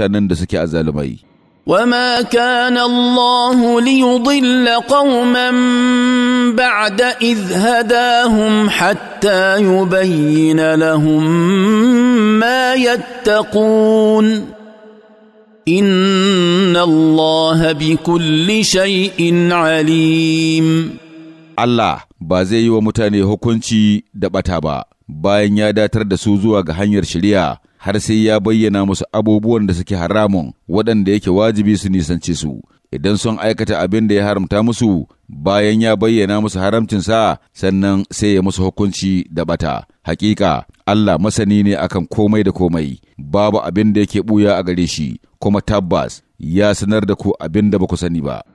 mutanen da suke azzalumai وما كان الله ليضل قوما بعد اذ هداهم حتى يبين لهم ما يتقون ان الله بكل شيء عليم الله ba zai yi wa mutane hukunci da ɓata ba bayan ya datar da su zuwa ga hanyar shari'a har sai ya bayyana musu abubuwan da suke haramun waɗanda yake wajibi su nisance su idan sun aikata abin da ya haramta musu bayan ya bayyana musu haramcinsa sannan sai ya musu hukunci da bata hakika Allah masani ne akan komai da komai babu abin da yake ɓuya a gare shi kuma tabbas ya sanar da ku abin da ba ku sani ba